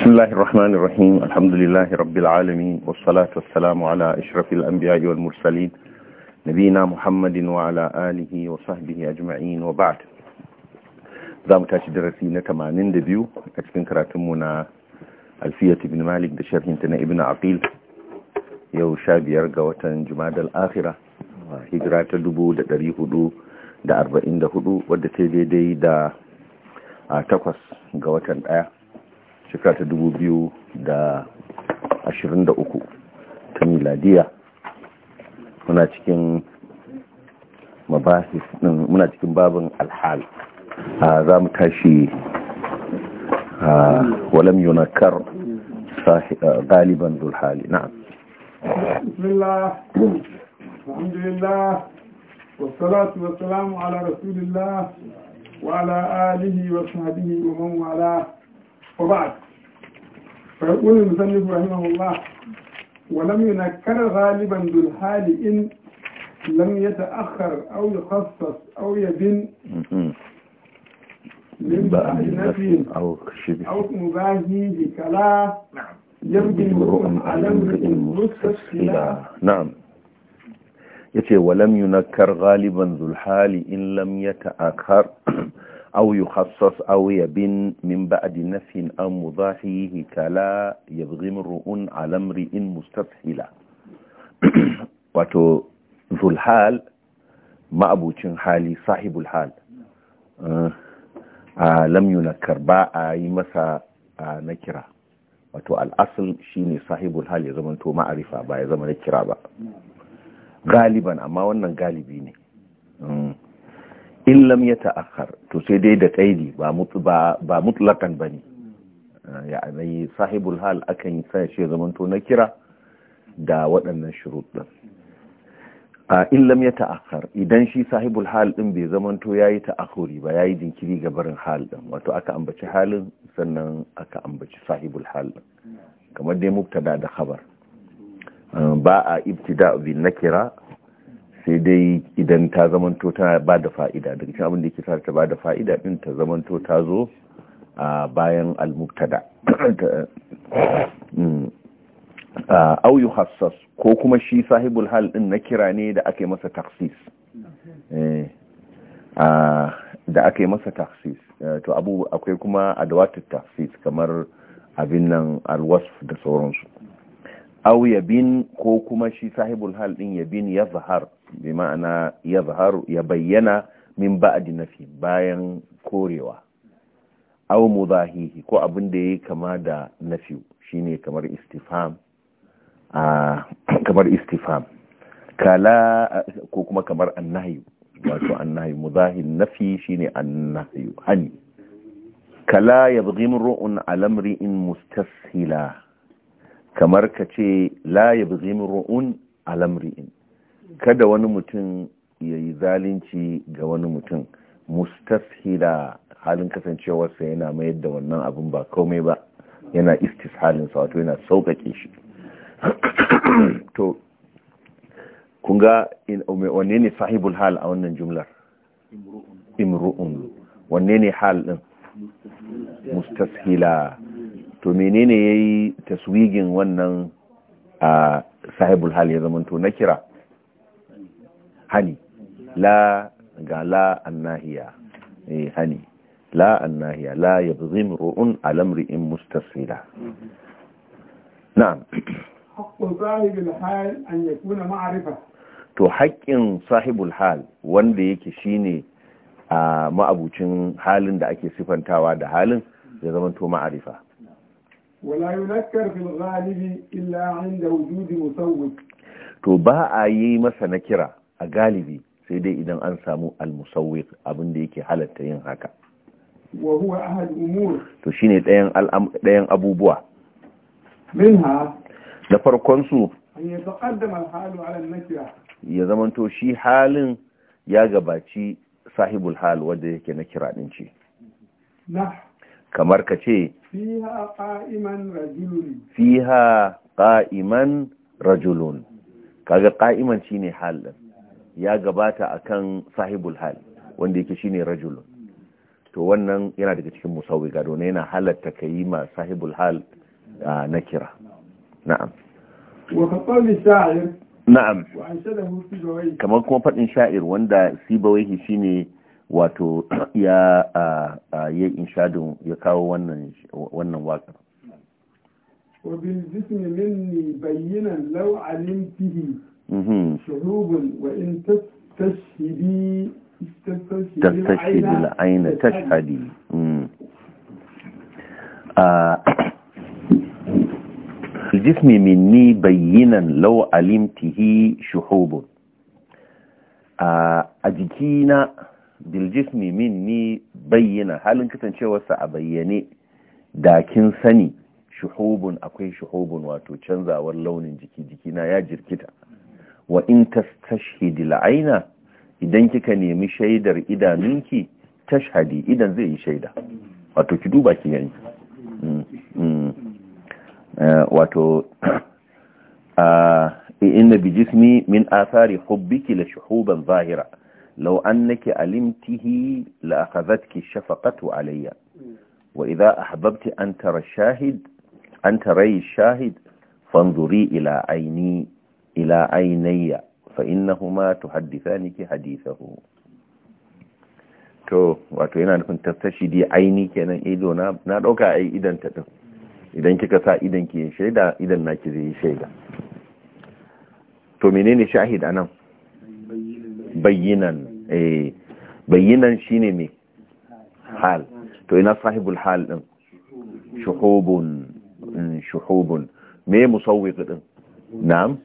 بسم الله الرحمن الرحيم الحمد لله رب العالمين والصلاة والسلام على إشرف الأنبياء والمرسلين نبينا محمد وعلى آله وصحبه أجمعين وبعد za mu tashi darasi na 82 a cikin karatunmu na alfiyat ibn malik da sharhinta na ibn aqil yau sha biyar ga watan jumadal akhira hijira ta hudu, wadda ta daidai da takwas ga watan ɗaya. shekara ta 2023 ta miladiya muna cikin mabasis din muna cikin babin alhal a za mu tashi a walam yunakar galiban zulhali na bismillah alhamdulillah والصلاة والسلام على رسول الله وعلى آله وصحبه ومن والاه وبعد فيقول المسلم رحمه الله ولم ينكر غالبا ذو الحال إن لم يتأخر أو يخصص أو يبن من أو أو مباهي بكلام نعم يبدي امرؤ على امرئ مستسهلا نعم ولم ينكر غالبا ذو الحال إن لم يتأخر أو يخصص أو يبن من بعد نفي أو مضاحيه كلا يبغي مرء على امرئ مستفحلا wato zulhal ma'abucin hali sahibul hal a lamyu na karba a yi masa na kira wato al'asul shine sahibul hal ya zama to ma'arifa ba ya zama na kira ba galiban amma wannan galibi ne in lam ya ta'akhar to sai dai da kaidi ba mutu ba ba bane ya ya'ani sahibul hal akan sa shi zamanto na kira da waɗannan shurut din a in lam ya ta'akhar idan shi sahibul hal din bai zamanto yayi ta'akhuri ba yayi jinkiri ga barin hal din wato aka ambaci halin sannan aka ambaci sahibul hal din kamar dai mubtada da khabar ba a ibtida bin nakira sai dai idan ta zamanto ta ba da fa'ida daga cikin abin da yake sa ta ba da fa'ida din ta zamanto ta zo a bayan al-mubtada au yuhassas ko kuma shi sahibul hal din na kira ne da aka masa taksis eh, da aka masa taksis to abu akwai kuma adawatut taksis kamar abin nan alwasf da sauransu au ko kuma shi sahibul hal din yabin ya zahar bi ma'ana ya zaharu ya bayyana min ba'adi nafi bayan korewa aw mudahihi ko abin da yayi kama da nafi shine kamar istifham a ah, kamar istifham kala ko kuma kamar annahi wato annahi mudahi nafi shine annahi hani kala yabghim ru'un alamri in mustasila kamar kace la yabghim ru'un in. kada wani mutum ya yi zalunci ga wani mutum mustashila halin kasancewarsa yana mayar da wannan abin ba komai ba yana istishalinsa wato yana sauƙaƙe shi to kun wanne ne sahibul hal a wannan jumlar imru'un wanne ne hal din mustashila to menene yayi taswigin wannan ah, sahibul hal ya zamanto na kira hani la ga la annahiya eh hani la annahiya la yabzim ru'un alamri in mustasila na'am haqqul sahibul hal an yakuna ma'rifa to haƙƙin sahibul hal wanda yake shine a ma'abucin halin da ake sifantawa da halin ya zama to ma'arifa wala yunakkar fil ghalibi illa inda wujudi musawwik to ba a yi masa nakira a galibi sai dai idan an samu al-musawwiq abin da yake halatta yin haka wa ahad umur to shine ɗayan abubuwa minha da farkon su ya zamanto shi halin ya gabaci sahibul hal wanda yake na kira din kamar ka ce fiha ƙa'iman rajulun kaga qa'iman shine halin ya gabata a kan sahibul hal wanda yake shine rajulun to wannan yana daga cikin gado na yana halatta ka yi ma sahibul hal na kira na'am na'am kamar kuma faɗin sha'ir wanda shi shine wato ya ya inshadin ya kawo wannan wannan waƙar jismi minni bayyana lau'alin علمته شعوب وإن تستشهدي تستشهد العين تشهدي الجسم مني بينا لو علمته شحوب a jikina biljismi min ni bayyana halin kasancewarsa a bayyane da kin sani shuhubun akwai shuhubun wato canzawar launin jiki jikina ya jirkita wa in tastashhidi al'aina idan kika nemi shaidar idanunki tashhadi idan zai yi shaida wato ki duba ki gani wato inna bi jismi min athari hubbiki la shuhuban zahira law annaki alimtihi la akhadhatki shafaqatu alayya wa idha ahbabti an tara shahid an tara shahid fanzuri ila ayni ila ainiya fa innahuma tuhaddithaniki hadithahu to wato yana nufin tastashidi aini kenan ido na na dauka ai idan ta din idan kika sa idan ki shaida idan naki zai shaida to menene shahid anan bayyinan eh bayyinan shine me hal to ina sahibul hal din shuhubun shuhubun me musawwiq din na'am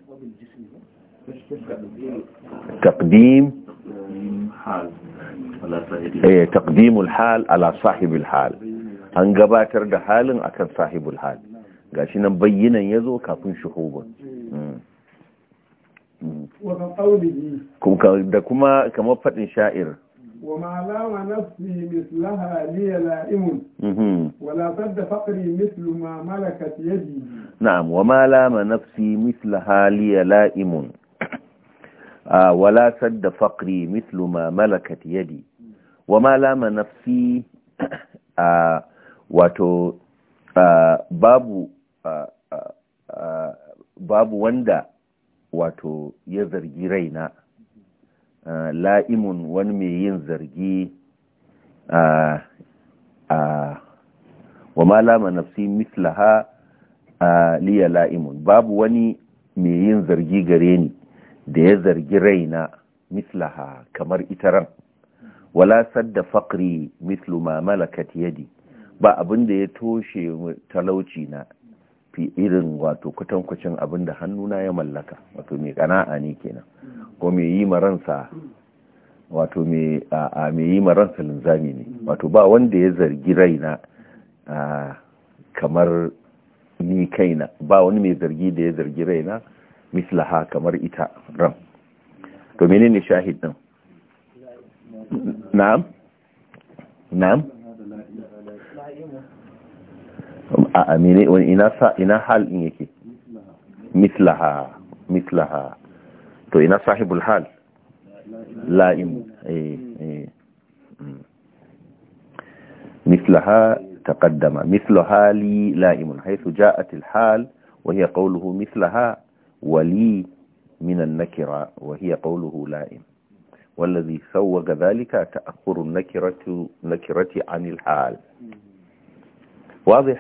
تقديم إيه تقديم الحال على صاحب الحال an gabatar da halin akan sahibul hal gashi nan bayyanan yazo kafin shuhubu kuma da kuma kamar fadin sha'ir wa ma la mislaha li la'imun wa la sadda faqri mithlu ma malakat yadi na'am wa ma la mislaha li la'imun wala sadda faqri mithlu ma malakat yadi wa ma lama nafsi wato babu babu wanda wato ya zargi raina la'imun wani mai yin zargi wa ma lama nafsi mislaha liya la'imun babu wani mai yin zargi gare ni da ya zargi raina mislaha kamar ita ran wala sadda faqri mislu ma malakat yadi ba abin da ya toshe talauci na fi irin wato kwatankwacin abin da hannuna ya mallaka wato mai kana'a ne kenan ko mai yi maransa wato mai yi maransa linzami ne wato ba wanda ya zargi raina kamar ni kaina ba wani mai zargi da ya zargi raina مثلها كمر إتا رم تميني نشاهد نم نعم نعم أميني وإنا سا إنا حال إنكي مثلها مثلها تو إنا صاحب الحال لا إم مثلها تقدم مثلها لي لائم حيث جاءت الحال وهي قوله مثلها wali minan nakira wa hiya qawluhu la'im wallazi sawwaga dhalika ta'khuru nakiratu nakirati 'anil hal واضح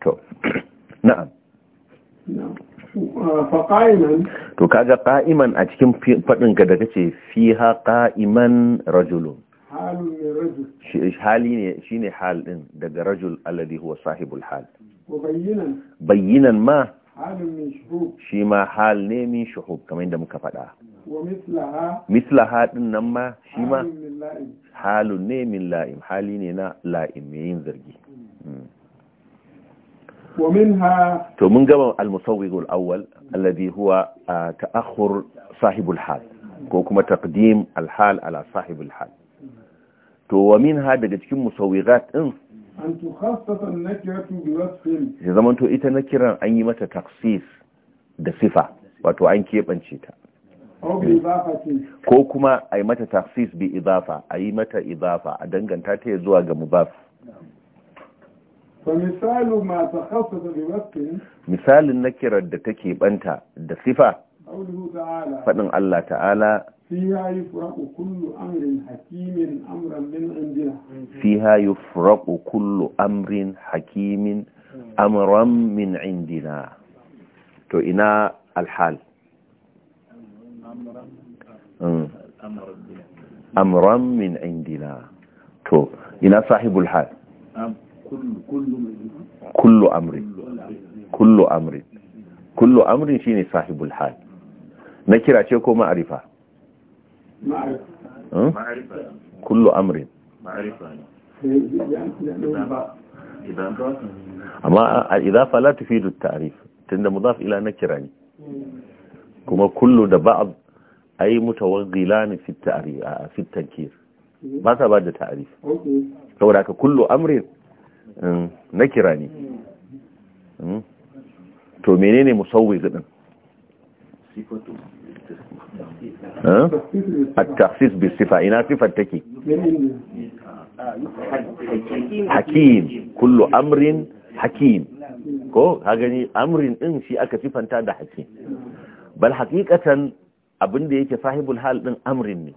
to uh, to kaga ka'iman a cikin fadin ka da kace fiha qa'iman rajulun hali ne ne hal din daga rajul alladhi huwa sahibul hal bayyinan ma shi ma hal ne min shuhub kamar yadda muka faɗa mislaha ɗin nan ma shi ma halun ne min la'im hali ne na la'im mai yin zargi hmm. to mun gama al al awwal alladhi huwa ta'akhur sahibul hal ko kuma taqdim al-hal ala sahibul hal to wa minha daga cikin musawwiqat din an tukhassasa an-nakiratu bi wasfin ya ita an yi mata taksis da sifa wato an keɓance ta ko kuma a yi mata taksis bi idafa a yi mata idafa a danganta ta zuwa ga mubaf misalin nakirar da take keɓanta da sifa faɗin Allah ta'ala fiha yufraqu kullu amrin hakimin amran min indina fiha yufraqu kullu amrin hakimin amran min indina to ina alhal amran min indina to ina sahibul hal kullu amrin kullu amrin kullu amrin shine sahibul hal na kira ce ko ma'arifa kullu amrin amma al'idafa fi tufidu ta'rif tunda mudaf ila kira ne kuma kullu da ba'd ay mutawaghilan fi ta'rif fi tankir ba sa ba da ta'rif saboda ka kullu amrin um, kira ne hmm? to menene musawwig din sifatu a tafsis bi sifa ina sifar take hakim kullu amrin hakim ko ha amrin din shi aka sifanta da hakim bal hakikatan abinda yake sahibul hal din amrin ne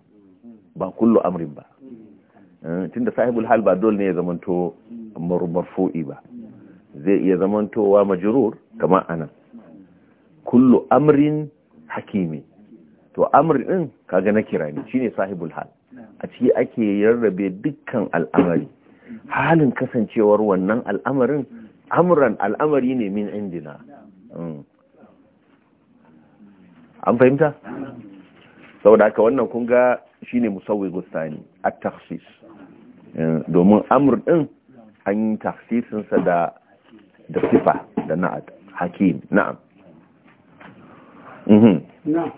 ba kullu amrin ba tunda sahibul hal ba dole ne ya zamanto marfu'i ba zai iya zamantowa majrur kamar anan kullu amrin hakimi to amr din kaga na kirani shine sahibul hal a ciki ake rarrabe dukkan al'amari halin kasancewar wannan al'amarin amran al'amari ne min indina mm. an fahimta saboda haka wannan kun ga shine musawwi gustani at takhsis eh, domin amr din an yi takhsisin sa da da sifa da na'at hakim na'am mm-hmm. na'am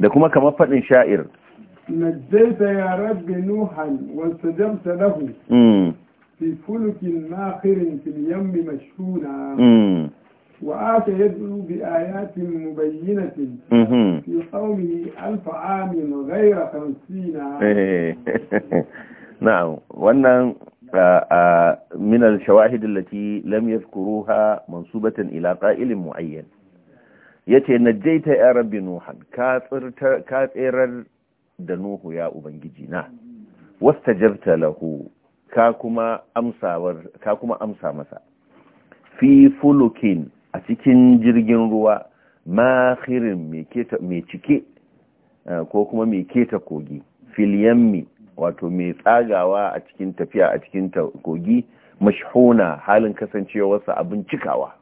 da kuma الشاعر faɗin sha'ir شاعر ya يا رب نوحا jamta له في فلك ماخر في اليم مشحونا وآت يدعو بآيات مبينة في قومه ألف عام غير خمسين نعم وأن آه، آه، من الشواهد التي لم يذكروها منصوبة إلى قائل معين yace ce na jaita ya rabbi nuhan ka tserar da nuhu ya ubangiji na wasta jarta lahu ka kuma amsa masa fi fulukin a cikin jirgin ruwa makirin mai cike ko kuma mai keta kogi yammi wato mai tsagawa a cikin tafiya a cikin kogi mashhuna halin kasancewarsa abin cikawa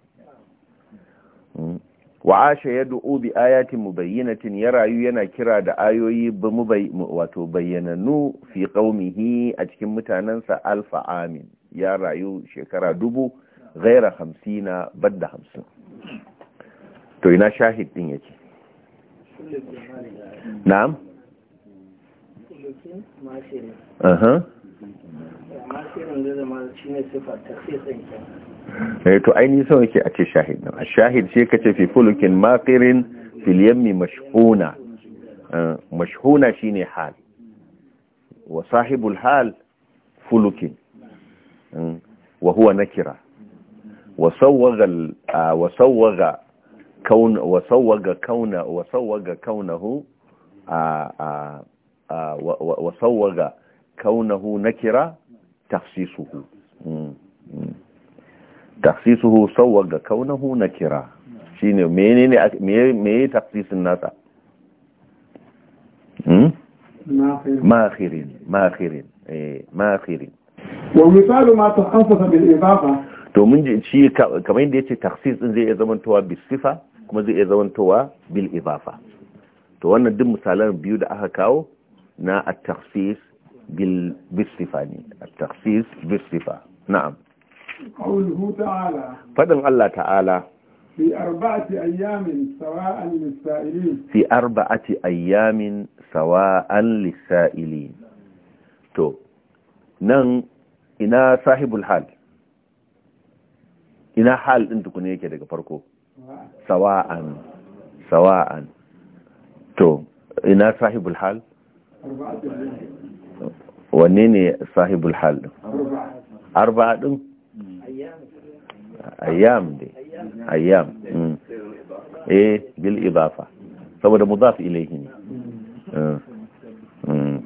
hmm. wa asha yad'u bi ayatin mubayyinatin ya rayu yana kira da ayoyi wato bayyananu fi qaumihi a cikin mutanansa alfa amin ya rayu shekara dubu ghaira hamsina badda hamsin to ina shahid din yake na'am aha Eh, to ai ni so yake a ce shahid nan shahid sai kace fi fulukin maqirin fil yammi mashhuna eh, shi ne hal wa sahibul hal fulukin eh, wa huwa nakira wa sawwaga ah, wa kauna wa sawwaga kaunahu ah, ah, a a wa sawwaga kaunahu nakira tafsisuhu hmm, hmm. taksisuhu sawwaga kaunahu nakira shine menene me me taksisin nasa hmm Makhirin. Wa ماخر ma ما تخصص بالإضافة to mun ji shi kamar yadda yace takhsis din zai iya zamantowa bil sifa kuma zai iya zamantowa bil idafa to wannan duk misalan biyu da aka kawo na at-takhsis bil sifa ne at-takhsis bil na'am faɗin Allah ta'ala fi arba'ati ayyamin sawa'an lisa'ilin fi arba'ati ayyamin sawa'an lisa'ilin to nan ina sahibul hal ina hal ɗin tukuni yake daga farko sawa'an sawa'an to ina sahibul hal wanne ne sahibul hal din arba'a ɗin? ayyam dai ayyam mm. eh bil idafa saboda mudaf ilayhi ne mm. Mm.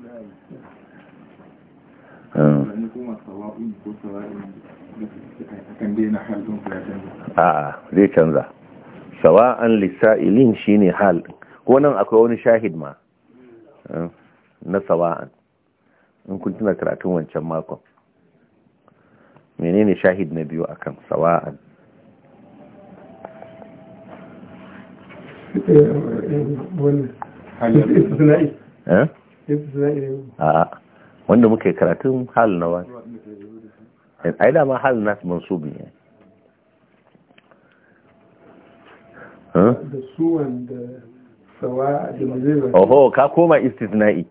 a'a zai canza sawa'an lissa'ilin ne hal ko nan akwai wani shahid ma na sawa'an in kun tuna karatun wancan makon menene shahid na biyu akan sawa'an eh? wanda muka yi karatun hal na wani ai dama hal na mansub ne su oho ka koma istisna'i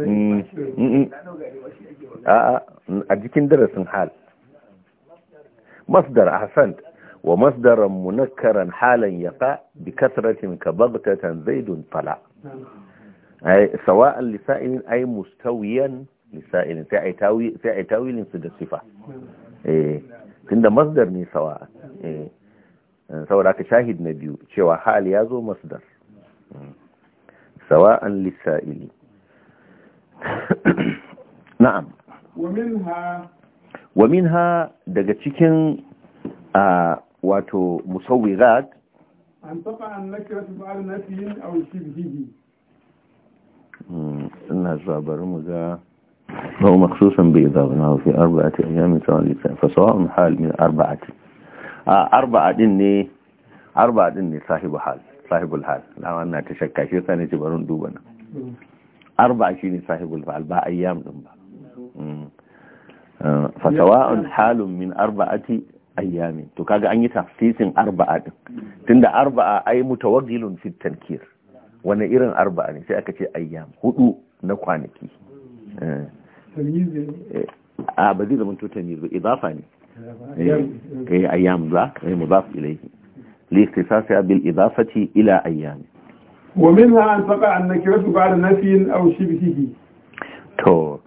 mm. a jikin darasin hal masdar ahsant wa masdaran munakkaran halan yaqa bi kasratin ka baghtatan zaidun fala ai sawa'an lisa'ilin ay mustawiyan lisa'ilin sai ai tawi sai ai tawilin su da sifa eh tunda masdar ne sawa'a eh saboda ka na biyu cewa hal ya zo masdar sawa'an lisa'ili na'am wa minha Wa min ha daga cikin a wato musawirat an taba an nakira su ba'ar nafiyin a wasu hibi hmm, ina zuwa bari mu ga ba'u maksusan bai zaba na wafi arba'ati a yamin tsawon lissafi fasawa'un hal min arba'ati a arba'adin ne arba'adin ne sahibu hal Sahibul hal na wannan ta shakka shi sa ne ci barin duba na hmm. arba'a shi ne sahibul hal ba ayyam din ba hmm. fasawa'un halun min arba'ati ayyami to kaga an yi tafsisin arba'a din tunda arba'a ai mutawajjilun fi tankir wani irin arba'a ne sai aka ce ayyam hudu na kwanaki eh. eh, a ba zai zama tutan yi idafa ne kai eh, ayyam za kai mudaf ilayhi li ikhtisasi bil idafati ila ayyami wa minha an taqa an nakiratu ba'da nafiyin aw shibhihi to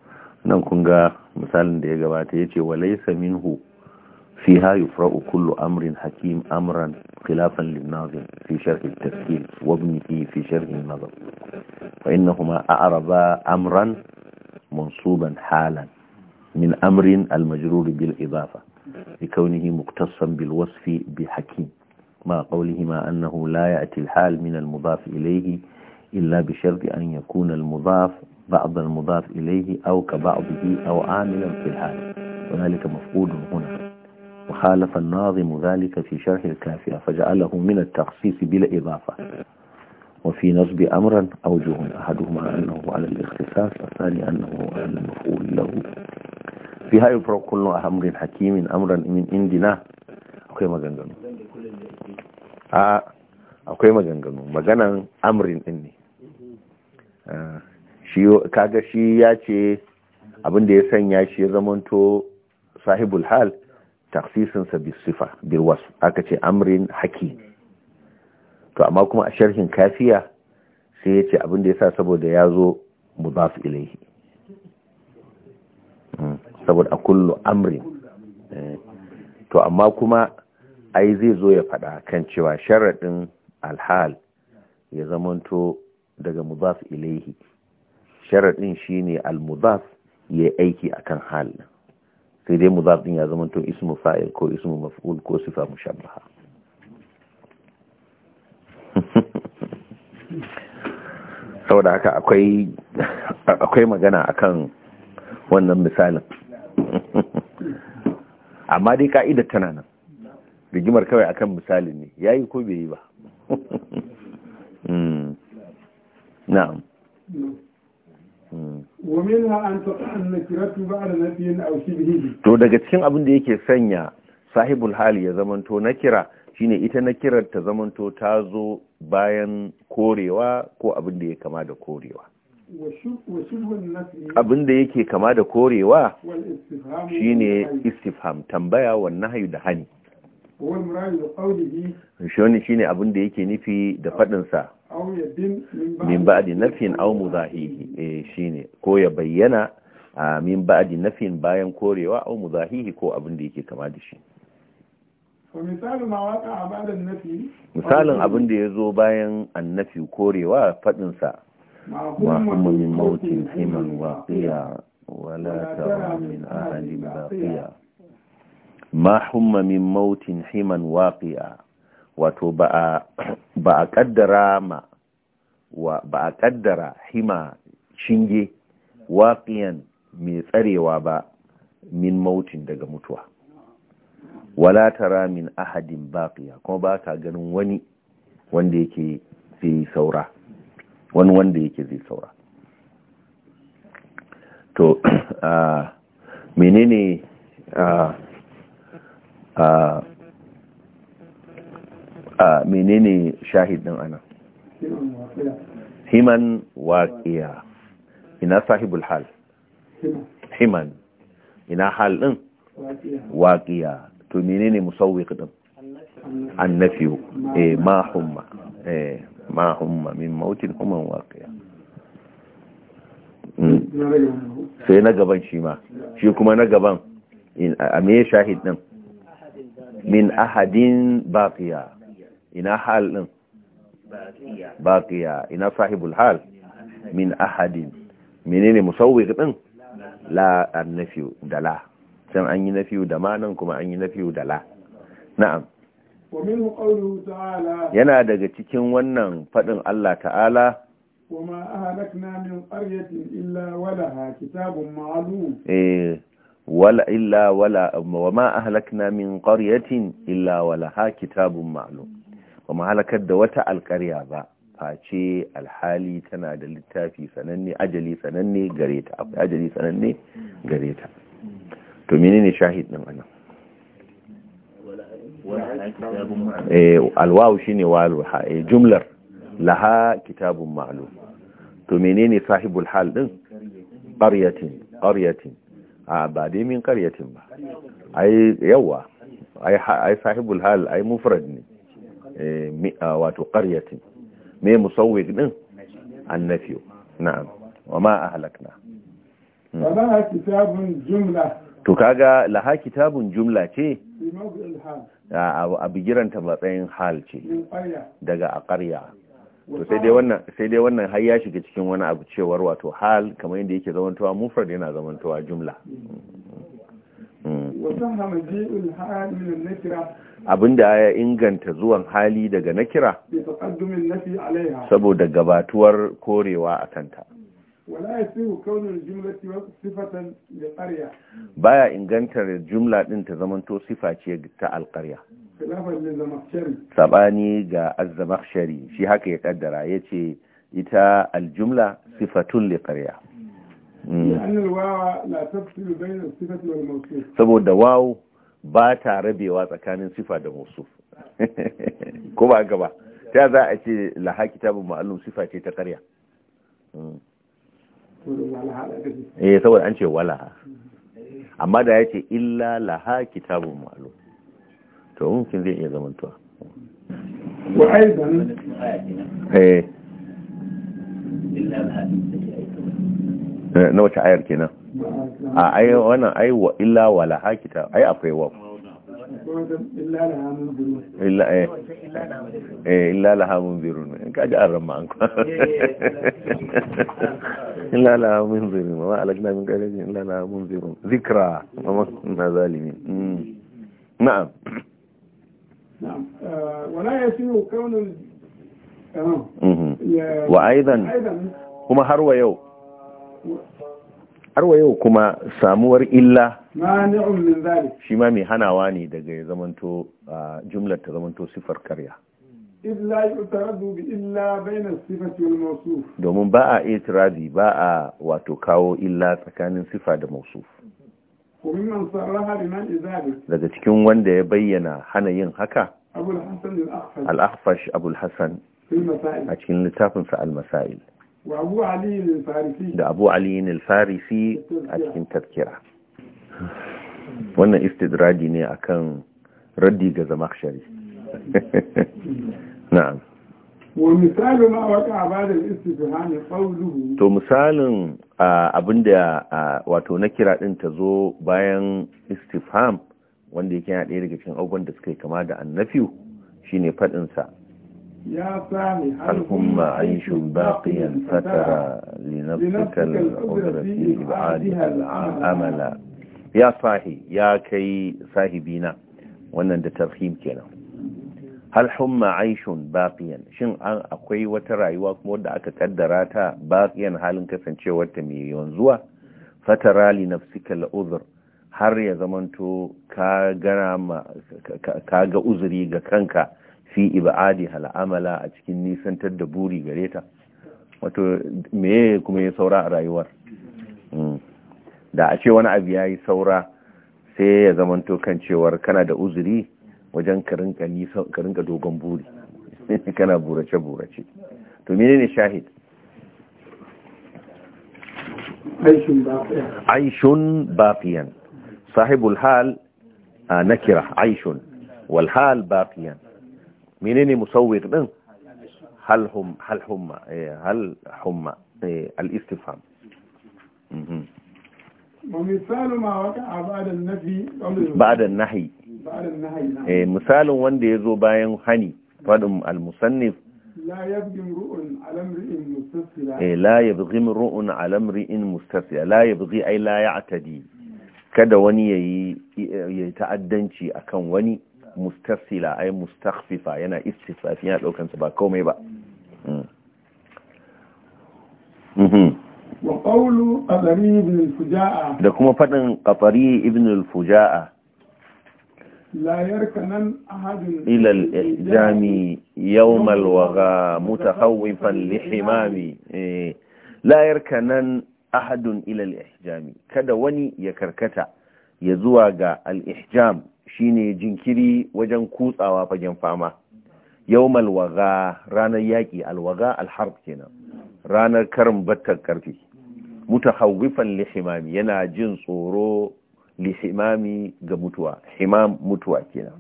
nan kun ga misalin da ya gabata ya ce wa laisa minhu fi ha yufra'u kullu amrin hakim amran khilafan linnazim fi sharhi tafsir wa ibn fi sharhi nazar fa innahuma a'raba amran منصوبا حالا من أمر المجرور بالإضافة لكونه مقتصا بالوصف بحكيم مع قولهما أنه لا يأتي الحال من المضاف إليه إلا بشرط أن يكون المضاف بعض المضاف إليه أو كبعضه أو عاملا في الحال وذلك مفقود هنا وخالف الناظم ذلك في شرح الكافية فجعله من التخصيص بلا إضافة وفي نصب أمرا أوجه أحدهما أنه على الاختصاص والثاني أنه على المفعول له في هاي الفرق كل أمر حكيم أمرا من عندنا أوكي أخي آه، أوكي آه أخي ما مجنن أمر إني آه shi kaga shi ya ce abinda ya sanya shi ya zamanto sahibul hal taksisinsa bi sifa bil wasu aka ce amrin haki to amma kuma a sharhin kafiya sai ya ce abinda ya sa saboda ya zo mudaf ilaihi hmm. saboda a kullu amrin eh. to amma kuma ai zai zo ya faɗa kan cewa sharaɗin alhal ya zamanto daga mudaf ilaihi sharaɗin shi ne almudaf ya aiki a kan hal sai dai mudaf ɗin ya zama tun ismu fa'il ko ismu maf'ul ko sifa mushabbaha da haka akwai magana magana akan wannan misalin amma dai ka'idar tana nan rigimar kawai akan misali ne Ya yi ko bai yi ba hmm. na'am to daga cikin abin da yake sanya sahibul hali ya zamanto na kira shine ita na kirar ta zamanto ta zo bayan korewa ko abin da ya kama da korewa abin da yake kama da korewa shine istifham tambaya wannan hayu da hani shi ne abin da yake nufi da faɗinsa min ba'di nafin aw E, shi shine ko ya bayyana min ba'di nafin bayan korewa aw mudahihi ko abin da yake kama da shi misalin abin da ya zo bayan annafi korewa faɗinsa ma'akummin mautin himan waƙiya wala tara min ahalin baqiya ma min mautin himan waqi'a wato ba a kaddara ma ba a kaddara hima shinge waƙiyan mai tsarewa ba min mautin daga mutuwa wala tara min ahadin baqiya kuma ba ka ganin wani wanda yake zai saura wani wanda yake zai saura to a menene a a menene shahid din ana himan waqiya ina sahibul hal himan ina hal din waqiya to menene musawwiq din annafi eh ma humma eh ma humma min mautin human waqiya hmm. sai na gaban shi ma shi kuma na gaban a me shahid din min ahadin baqiya ina hal ɗin baƙiya ina sahibul hal min ahadin menene musawwi din? la an nafi da la can an yi nafi da manan kuma an yi nafi da la na'am min yana daga cikin wannan faɗin Allah ta'ala Kuma ma ahlakna min qaryatin illa wa laha kitabun ma'lum eh wala illa wala wa ma ahlakna min qaryatin illa wala laha kitabun ma'lum ba mu halakar da wata alƙarya ba face alhali tana da littafi sananne ajali sananne gare ta akwai ajali sananne gare ta to menene shahid din anan eh, alwawu shine walu eh, jumlar laha kitabun ma'lum to menene sahibul hal din qaryatin qaryatin a ba dai min qaryatin ba ai yawa ai sahibul hal ai mufrad ne Eh, ah, wato ƙaryatin me ɗin an annafi na'am wa ma a halakna. Hmm. to kaga laha kitabun jumla ce a bigiranta matsayin hal ce daga a ƙarya to sai dai wannan har ya shiga cikin wani abu cewar wato hal kamar yadda yake zamantowa mufrad yana zamantowa jumla hmm. Hmm. abinda ya inganta zuwan hali daga na kira, saboda gabatuwar korewa a kanta baya ingantar jumla din ta zamanto sifa ce ta alƙarya sabani ga azzamakshari shi haka ya kaddara ya ce ita aljumla sifatun liƙarya mm. saboda wawo. ba ta rabewa tsakanin sifa da musu ko ba gaba. ta za a ce laha kitabun ma'alum sifa ce ta karya hmm. eh saboda an ce wala amma da ya ce illa laha kitabun ma'alum. to mumkin zai iya zamantuwa wa aidan eh illa laha Eh, na wace ayar kenan a ai wannan ai wa illa wala hakita ai akwai wa illa eh, eh illa laha ka ji an an illa ma min illa laha munzirun zikra ma kunna zalimin mm. na'am uh, wala yasiru kaunul uh, mm-hmm. wa kuma har yau arwa yau kuma samuwar illa shi ma mai hanawa ne daga ya zamanto jumlar ta zamanto sifar karya domin ba a itirazi ba a wato kawo illa tsakanin sifa da mausuf daga cikin wanda ya bayyana hana yin haka al-ahfash abul hassan a cikin littafinsa al-masail da abu aliyin alfarisi a cikin tafkira wannan istidraji ne a kan raddi ga zama shari na'am to misalin abinda wato na kira din ta zo bayan istifam wanda yake yana ɗaya daga cikin abubuwan da suka yi kama da annafiyu shine faɗinsa هل عيش باقيا فترى لنفسك العذر في إبعادها العمل يا صاحي يا كي صاحبينا wannan da tarhim kenan hal humma aishun baqiyan shin an akwai wata rayuwa kuma wadda aka kaddara ta baqiyan halin kasancewar ta mai yanzuwa fatara li nafsika al'udhr har ya zamanto ka gara ma ka ga uzuri ga kanka fi ibadi amala a cikin nisantar da buri gare ta wato meye kuma ya saura a rayuwar mm. da a ce wani abu ya yi saura sai ya zamanto kan cewar kana da uzuri wajen ka rinka dogon buri kana burace-burace to mene shahid aishun bafiyan sahibul hal nakira aishun wal hal bafiyan menene musawwir din hal hum hal humma eh, hal humma eh, al istifham ومثال ما وقع بعد النفي بعد النهي بعد النهي نعم مثال wanda yazo bayan hani fadin al musannif la yabghi imru'un ala imri'in mustasila eh la yabghi imru'un ala imri'in mustasila la yabghi ay la ya'tadi kada wani yayi ta'addanci akan wani mustasila ai mustakhfifa yana istifafi yana daukan ba komai ba hmm. mhm. wa qawlu qadari ibn al-fuja'a da kuma fadin qadari ibn al-fuja'a la yarkanan ahadun ila al jami yawm al-waga mutakhawifan lihimami eh. la yarkanan ahadun ila al-ihjami kada wani ya karkata ya zuwa ga al-ihjam shine jinkiri wajen kutsawa fagen fama yau malwaga ranar yaƙi alwaga alharb kenan ranar karin battar karfi hauwifan lihimami yana jin tsoro lihimami ga mutuwa himam mutuwa kenan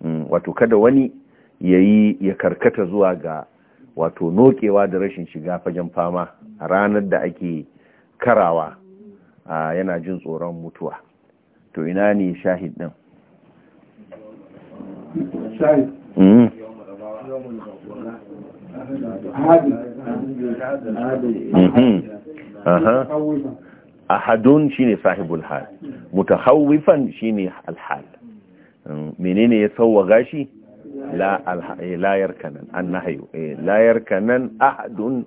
mm, wato kada wani ya yi ya karkata zuwa ga wato nokewa da rashin shiga fagen fama ranar da ake karawa ah, yana jin tsoron mutuwa to ina ne shahid ɗin? Mm. Mm-hmm. Uh-huh. ahadun ne sahibul hal mutahawifan ne alhal mm. menene ya sauwaga shi eh, kanan an na hayo eh, layar kanan ahadun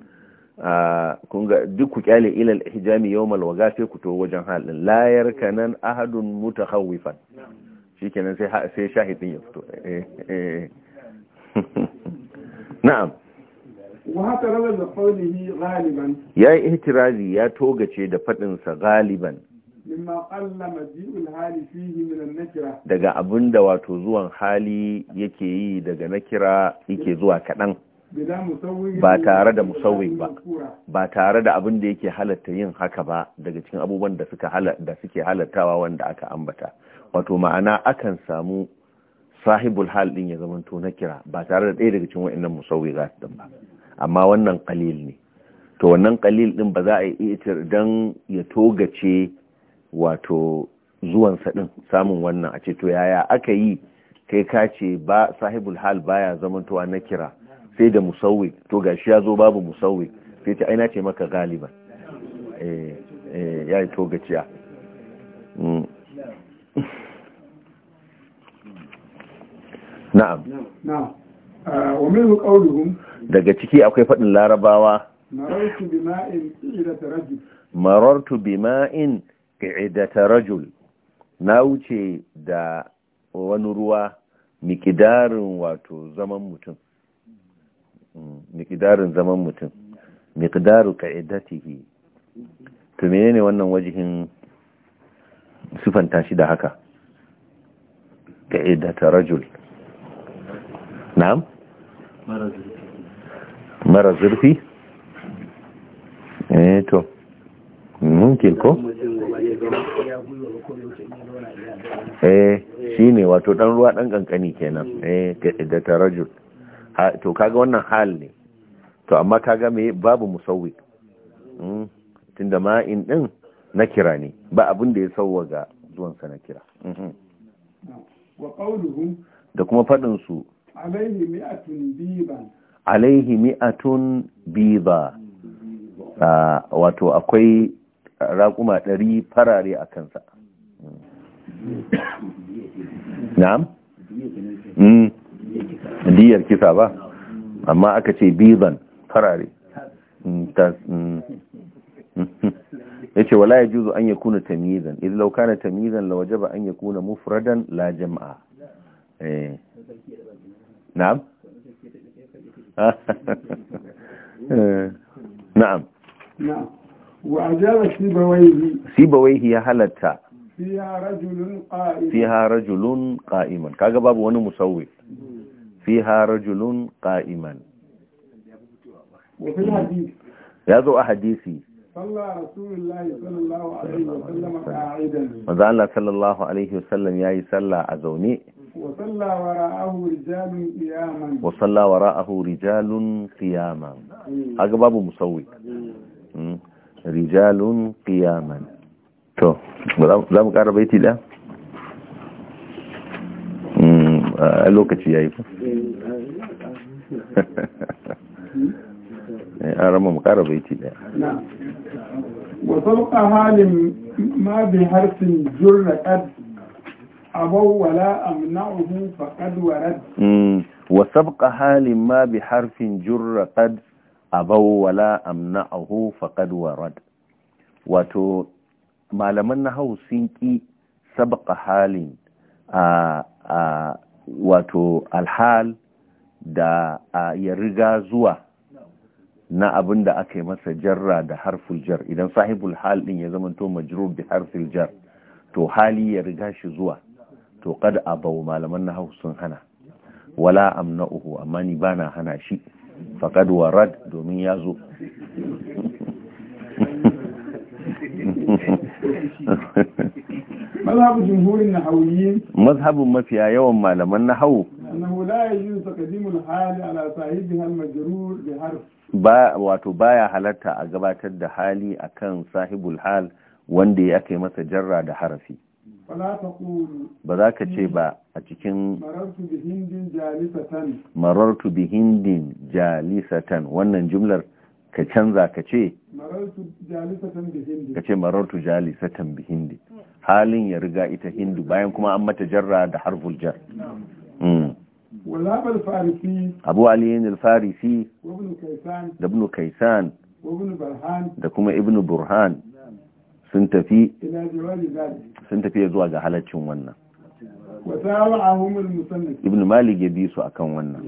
ah, kun ga duk ku kyale ilal hijami yau malwaga sai ku to wajen halin layar kanan ahadun mutahawifan shi sai sai shahidin ya fito eh, eh. na'am ya yi ihtirazi ya togace da faɗinsa galiban. daga abin da daga abinda wato zuwan hali yake yi daga na kira yake zuwa kaɗan, ba tare da musawin ba ba tare da abin da yake halatta yin haka ba daga cikin abubuwan da da suke halattawa wanda aka ambata wato ma'ana akan samu sahibul hal din ya zamanto na kira ba tare da ɗaya daga cikin wa'annan za su ba amma wannan qalil ne to wannan qalil din ba za a yi dan ya togace wato zuwan sa din samun wannan a ce to yaya aka yi kai ka ce ba sahibul hal baya zamantowa na kira sai da musawwi to gashi ya zo babu musawwi sai ta aina ce maka galiban eh eh yayi togaciya hmm. na'am uh, daga ciki akwai fadin larabawa marartu bima'in qi'idata rajul marartu bima'in rajul na wuce da wani ruwa mikidarin wato zaman mutum mm, mikidarin zaman mutum ta ka'idatihi to menene wannan wajihin sufanta shi da haka ta rajul na'am mara zurfi eh to mumkin ko eh shine wato dan ruwa dan kankani kenan eh da tarajul to kaga wannan hal ne to amma kaga me babu musawwi hmm. tunda ma in din na kira ne ba abin da ya sauwaga zuwan sa na kira hmm, hmm. da kuma fadin su alaihi mi'atun biba alaihi mi'atun wato akwai raƙuma ɗari farare a kansa na'am diyar kisa ba amma aka ce biban farare ya ce wala ya juzu an ya kuna tamizan idan laukana tamizan lawajaba an ya kuna mufradan la jama'a نعم نعم نعم وأجاب سيبويه سيبويه يا هلتا فيها رجل قائم فيها رجل قائما كاغا باب وني مسوي فيها رجل قائما وفي الحديث ذو احاديثي صلى رسول الله صلى الله عليه وسلم قاعدا وذا الله صلى الله عليه وسلم يا صلى ازوني wasalla wa ra'ahu rijalun qiyaman aga babu musawwi rijalun qiyaman to za mu kara baiti da a lokaci yayi ku a rama mu kara baiti da wasu halin ma bi harfin jurna abau wala amna'uhu faqad warad wa sabqa halin ma bi harfin jurra qad abau wala amna'uhu faqad warad wato malaman nahawu sun ki sabqa halin a wato alhal da ya riga zuwa na abin da aka yi masa jarra da harful jar idan sahibul hal din ya zamanto majrur bi harfil jar to hali ya riga shi zuwa to kad abau malaman na sun hana wala uhu, amma ni bana hana shi faqad warad domin ya zo mazhabu jumhurin nahawiyyin mazhabu mafiya yawan malaman nahawu annahu la yajuzu taqdimul hali ala sahibiha al-majrur bi harf ba wato baya halatta a gabatar da hali akan sahibul hal wanda ya kai masa jarra da harafi ba za ka ce ba a cikin marartu bi hindin jalisatan wannan jumlar ka canza ka ce marartu jalisatan bi hindin halin ya riga ita hindu bayan kuma an mata jarra da harful jar abu aliyin alfarisi da ibn kaisan da kuma ibnu burhan sun tafi sun tafi zuwa ga halaccin wannan ibn malik ya bi su akan wannan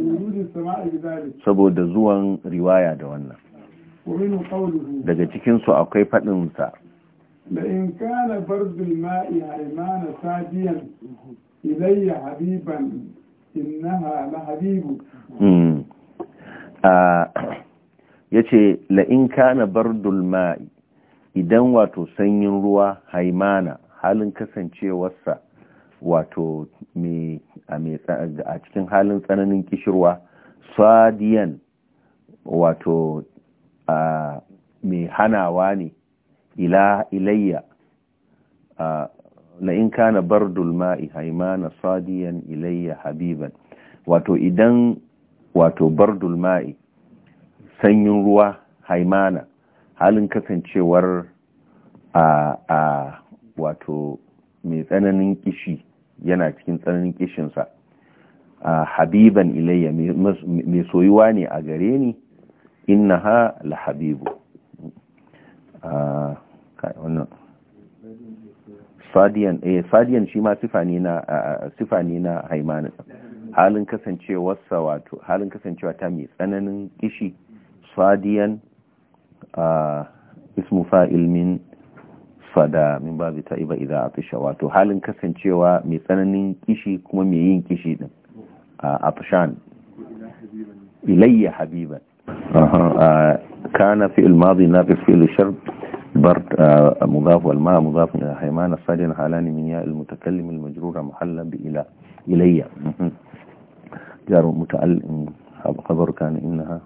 saboda zuwan riwaya da wannan daga cikinsu akwai faɗinsa لئن كان برد الماء هيمان ساديا إلي حبيبا إنها لحبيبك yace la in kana bardul ma'i idan wato sanyin ruwa haimana halin kasancewarsa wato a cikin halin tsananin kishirwa sadiyan wato a mai hanawa ne ilayya na in kana haimana sadiyan ilayya habiban wato idan wato bar dulma'i sanyin ruwa haimana halin kasancewar a a wato mai tsananin kishi yana cikin tsananin kishinsa habiban ilayya mai soyuwa ne a gare ni Inna ha la habibu sadiyan eh shi ma sifani na sifani na haimanu halin kasancewarsa wato halin kasancewa ta mai tsananin kishi sadiyan آه، اسم فائل من فدا من باب تائب إذا عطش واتو حالا كسن شوى مثلا كيشي كما ميين كشي عطشان آه، إلي حبيبا حبيبا. آه، كان في الماضي ناقص في الشرب برد مضاف والماء مضاف إلى حيمان الصادين حالان من ياء المتكلم المجرورة محلا بإلى إلي جار متعلم خبر كان إنها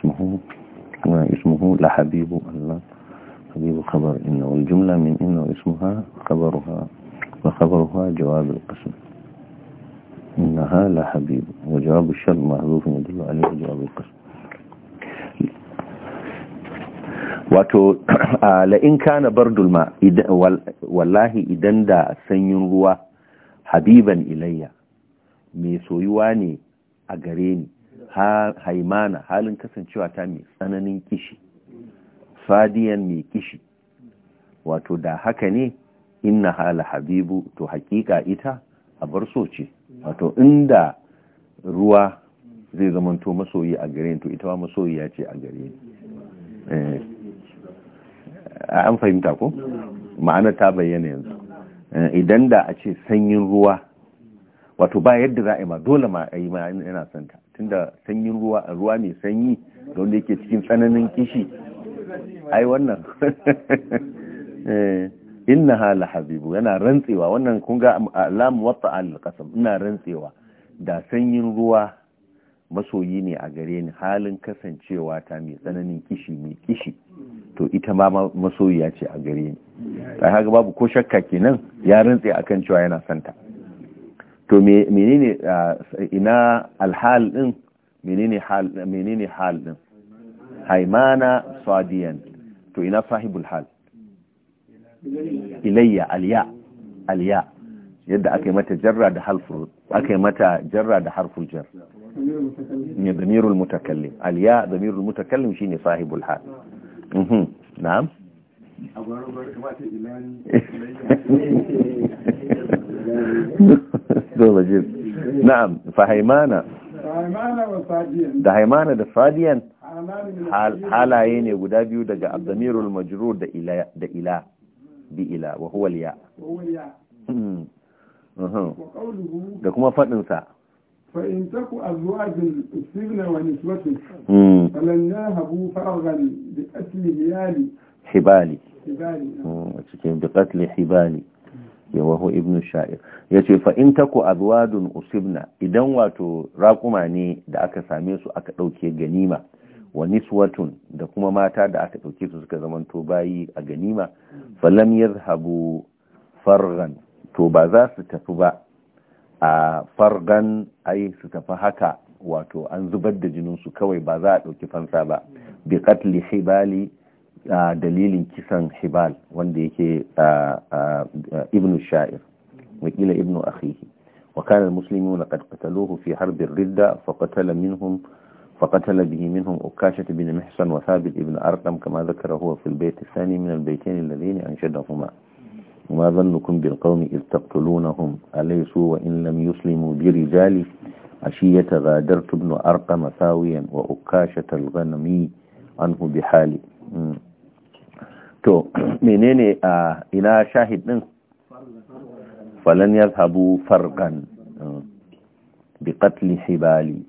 اسمه واسمه لحبيب الله حبيب خبر إن والجملة من إن اسمها خبرها وخبرها جواب القسم إنها لحبيب وجواب الشر محذوف يدل عليه جواب القسم wato آه، لئن كان برد الماء والله idan da sanyin ruwa habiban ilayya mai soyuwa haimana halin kasancewa ta mai tsananin kishi fadiyan mai kishi wato da haka ne inna hala habibu to hakika ita a bar so ce wato inda ruwa zai zamanto masoyi a gare to ita masoyiya ce a gare ni eh, an fahimta ko ma'ana ta bayyana yanzu eh, idan da a ce sanyin ruwa wato ba yadda za a yi ma dole ma a yi ma yana santa tunda sanyin ruwa ruwa mai sanyi da wanda yake cikin tsananin kishi ai wannan eh, inna hala habibu yana rantsewa wannan kun ga alamu wata alƙasam ina rantsewa da sanyin ruwa masoyi ne a gare ni halin kasancewa ta mai tsananin kishi mai kishi to ita ma masoyiya ce a gare ni ta haka babu ko shakka kenan ya rantse akan cewa yana santa to menene ina alhal din menene hal menene hal din haimana sadiyan to ina sahibul hal ilayya alya alya yadda aka yi mata jarra da harful aka yi mata jarra da harful jar ne damirul mutakallim alya damirul mutakallim shine sahibul hal mhm na'am دول رجيب wa فهيمانة da haimana da fadiyan halaye ne guda biyu daga abdamirul majrur da ila da ila bi ila wa huwa hmm. da kuma fadin sa fa in taku azwajin sibna wa niswatu hmm. falan yahabu fargan bi qatli hibali hibali hmm, cikin bi qatli hibali gaske wahu ibn sha'ir ya ce fa'in taku azwadun usibna idan wato raƙuma ne da aka same su aka ɗauke ganima wa niswatun da kuma mata da aka ɗauke su suka zamanto bayi a ganima falam habu fargan to ba za su tafi ba a fargan ai su tafi haka wato an zubar da jinin su kawai ba za a ɗauki fansa ba bi qatli hibali da dalilin kisan Hibal wanda yake Ibn Sha'ir wakila ibnu Akhihi wa kana al-muslimu na qad qataluhu fi harb ar-ridda fa qatala minhum fa qatala bihi minhum Ukasha ibn Mihsan wa Thabit ibn Arqam kama dhakara huwa fi al-bayt al-thani min al-baytayn alladhayni anshadahuma وما ظنكم بالقوم إذ تقتلونهم أليسوا وإن لم يسلموا برجالي عشية غادرت ابن أرقم ثاويا وأكاشة الغنمي عنه بحالي to menene a ina shahid din falan yazhabu fargan, uh, bi katli hibali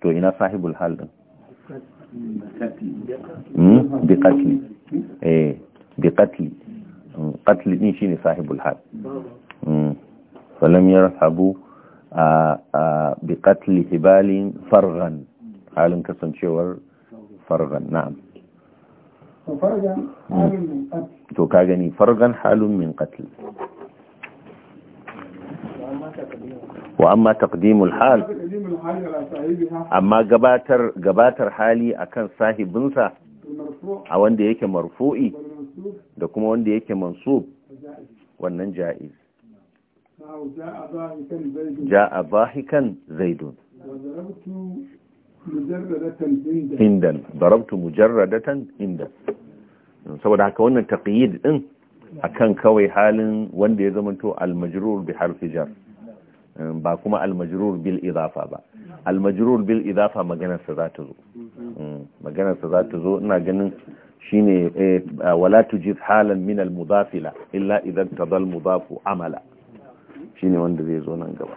to ina sahibul hal din hmm? bi katli eh bi katli katli uh, din shine sahibul hal hmm. falam yarhabu bi katli hibali fargan halin kasancewar fargan na'am to ka gani fargan halin min qatl wa amma taqdimul hal amma gabatar gabatar hali akan sahibinsa a wanda yake marfu'i da kuma wanda yake mansub wannan ja'iz ja'a zahikan zaidun indan darabtu mujarradatan indan saboda haka wannan taqyid din akan kawai halin wanda ya zamanto al-majrur bi harfi jar ba kuma al-majrur bil idafa ba al-majrur bil idafa maganar sa zata zo maganar sa zata zo ina ganin shine wala tujid halan min al-mudafila illa idan tadal mudafu amala shine wanda zai zo nan gaba